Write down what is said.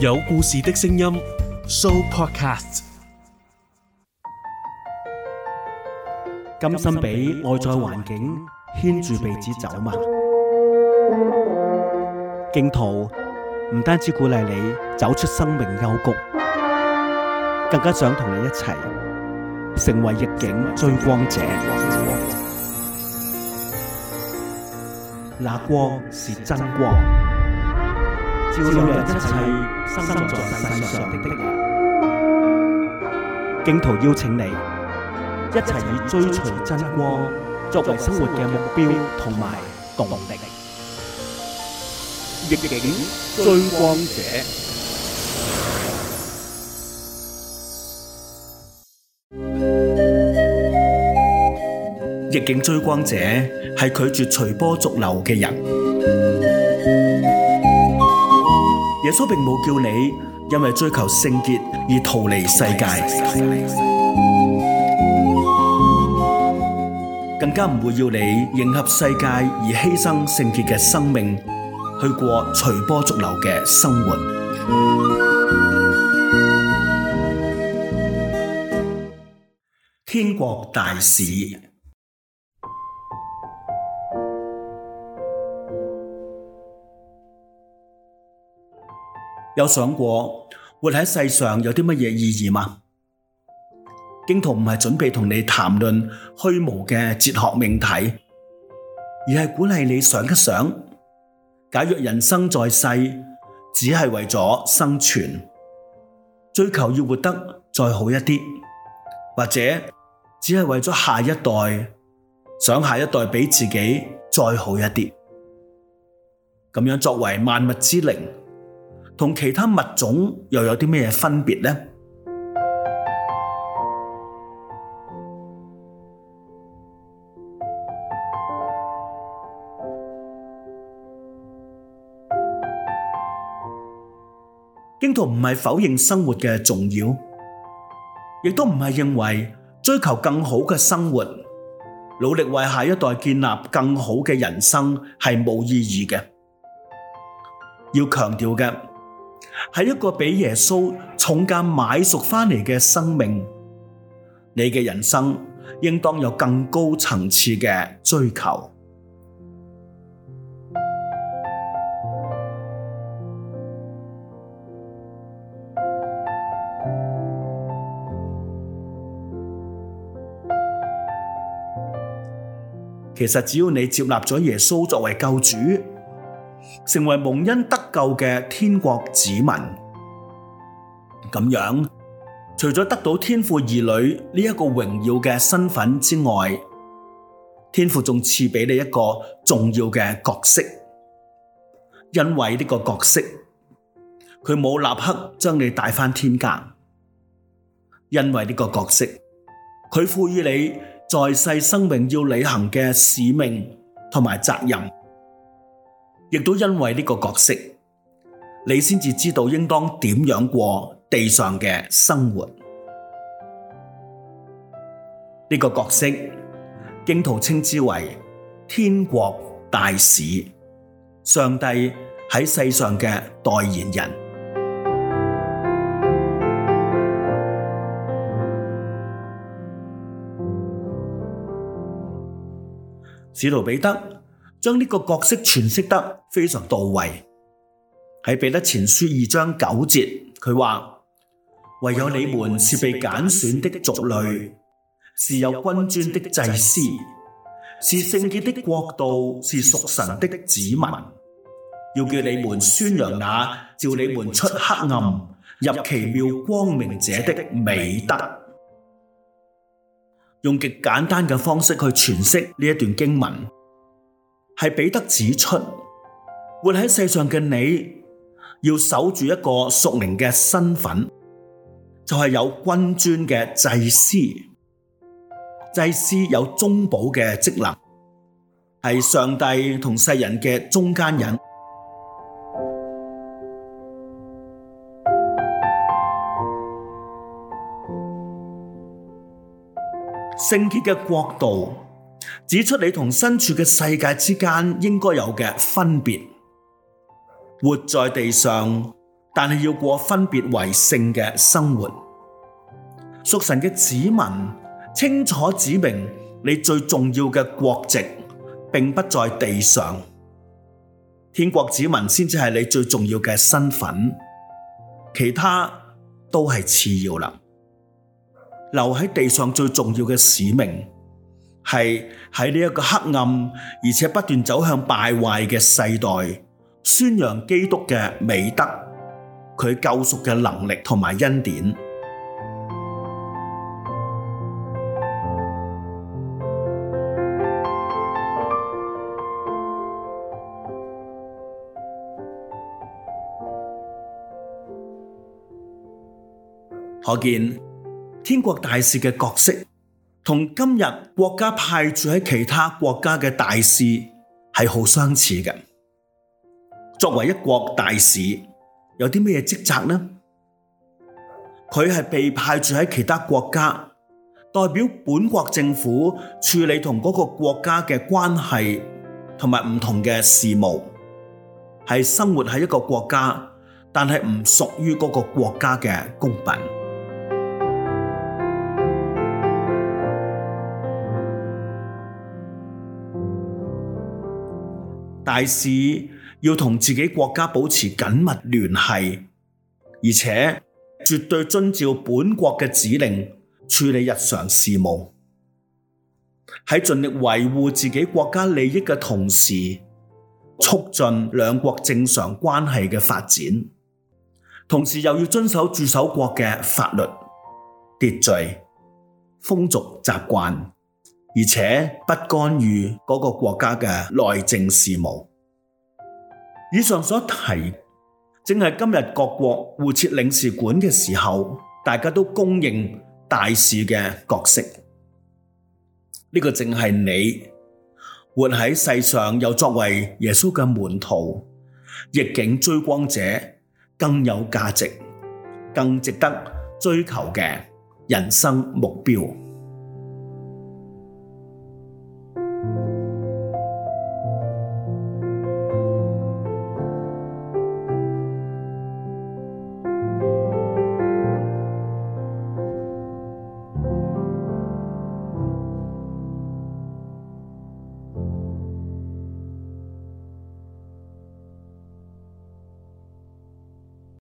有故事的聲音，So Podcast。甘心俾外在環境牽住鼻子走嗎？荊徒唔單止鼓勵你走出生命幽谷，更加想同你一齊成為逆境追光者。那光是真光。照亮一切生在世上的人，荊徒邀請你一齊以追隨真光作為生活嘅目標同埋動力。逆境追光者，逆境追光者係拒絕隨波逐流嘅人。耶穌並冇叫你因為追求聖潔而逃離世界，更加唔會要你迎合世界而犧牲聖潔嘅生命，去過隨波逐流嘅生活。天國大使。有想過活喺世上有啲乜嘢意義嗎？荊徒唔係準備同你談論虛無嘅哲學命題，而係鼓勵你想一想，假若人生在世只係為咗生存，追求要活得再好一啲，或者只係為咗下一代，想下一代比自己再好一啲，咁樣作為萬物之靈。同其他物種又有啲咩嘢分別呢？荊徒唔係否認生活嘅重要，亦都唔係認為追求更好嘅生活、努力為下一代建立更好嘅人生係冇意義嘅。要強調嘅。係一個俾耶穌重價買贖翻嚟嘅生命，你嘅人生應當有更高層次嘅追求。其實只要你接納咗耶穌作為救主，成為蒙恩得救嘅天國子民，咁樣除咗得到天父兒女呢一個榮耀嘅身份之外，天父仲賜俾你一個重要嘅角色，因為呢個角色，佢冇立刻將你帶返天間，因為呢個角色，佢賦予你在世生命要履行嘅使命同埋責任。亦都因為呢個角色，你先至知道應當點樣過地上嘅生活。呢個角色，荊徒稱之為天國大使，上帝喺世上嘅代言人。使徒彼得。將呢個角色詮釋得非常到位在。喺彼得前書二章九節，佢話：，唯有你們是被揀選的族類，是有君尊的祭司，是聖潔的國度，是屬神的，的子民。要叫你們宣揚那照你們出黑暗入奇妙光明者的美德。用極簡單嘅方式去詮釋呢一段經文。係彼得指出，活喺世上嘅你要守住一個屬靈嘅身份，就係有君尊嘅祭司。祭司有中保嘅職能，係上帝同世人嘅中間人。聖潔嘅國度。指出你同身處嘅世界之間應該有嘅分別，活在地上，但係要過分別為聖嘅生活。屬神嘅指紋清楚指明你最重要嘅國籍，並不在地上，天國指紋先至係你最重要嘅身份，其他都係次要啦。留喺地上最重要嘅使命。是喺呢個黑暗而且不斷走向敗壞嘅世代，宣揚基督嘅美德，佢救贖嘅能力同埋恩典。可見天國大事嘅角色，同今日國家派駐喺其他國家嘅大使係好相似嘅。作為一國大使，有啲咩職責呢？佢係被派駐喺其他國家，代表本國政府處理同嗰個國家嘅關係同埋唔同嘅事務，係生活喺一個國家，但係唔屬於嗰個國家嘅公民。大使要同自己國家保持緊密聯繫，而且絕對遵照本國嘅指令處理日常事務，喺盡力維護自己國家利益嘅同時，促進兩國正常關係嘅發展，同時又要遵守駐守國嘅法律、秩序、風俗習慣。而且不干預嗰個國家嘅內政事務。以上所提，正是今日各國互設領事館嘅時候，大家都公認大使嘅角色。呢、這個正是你活喺世上又作為耶穌嘅門徒、逆境追光者，更有價值、更值得追求嘅人生目標。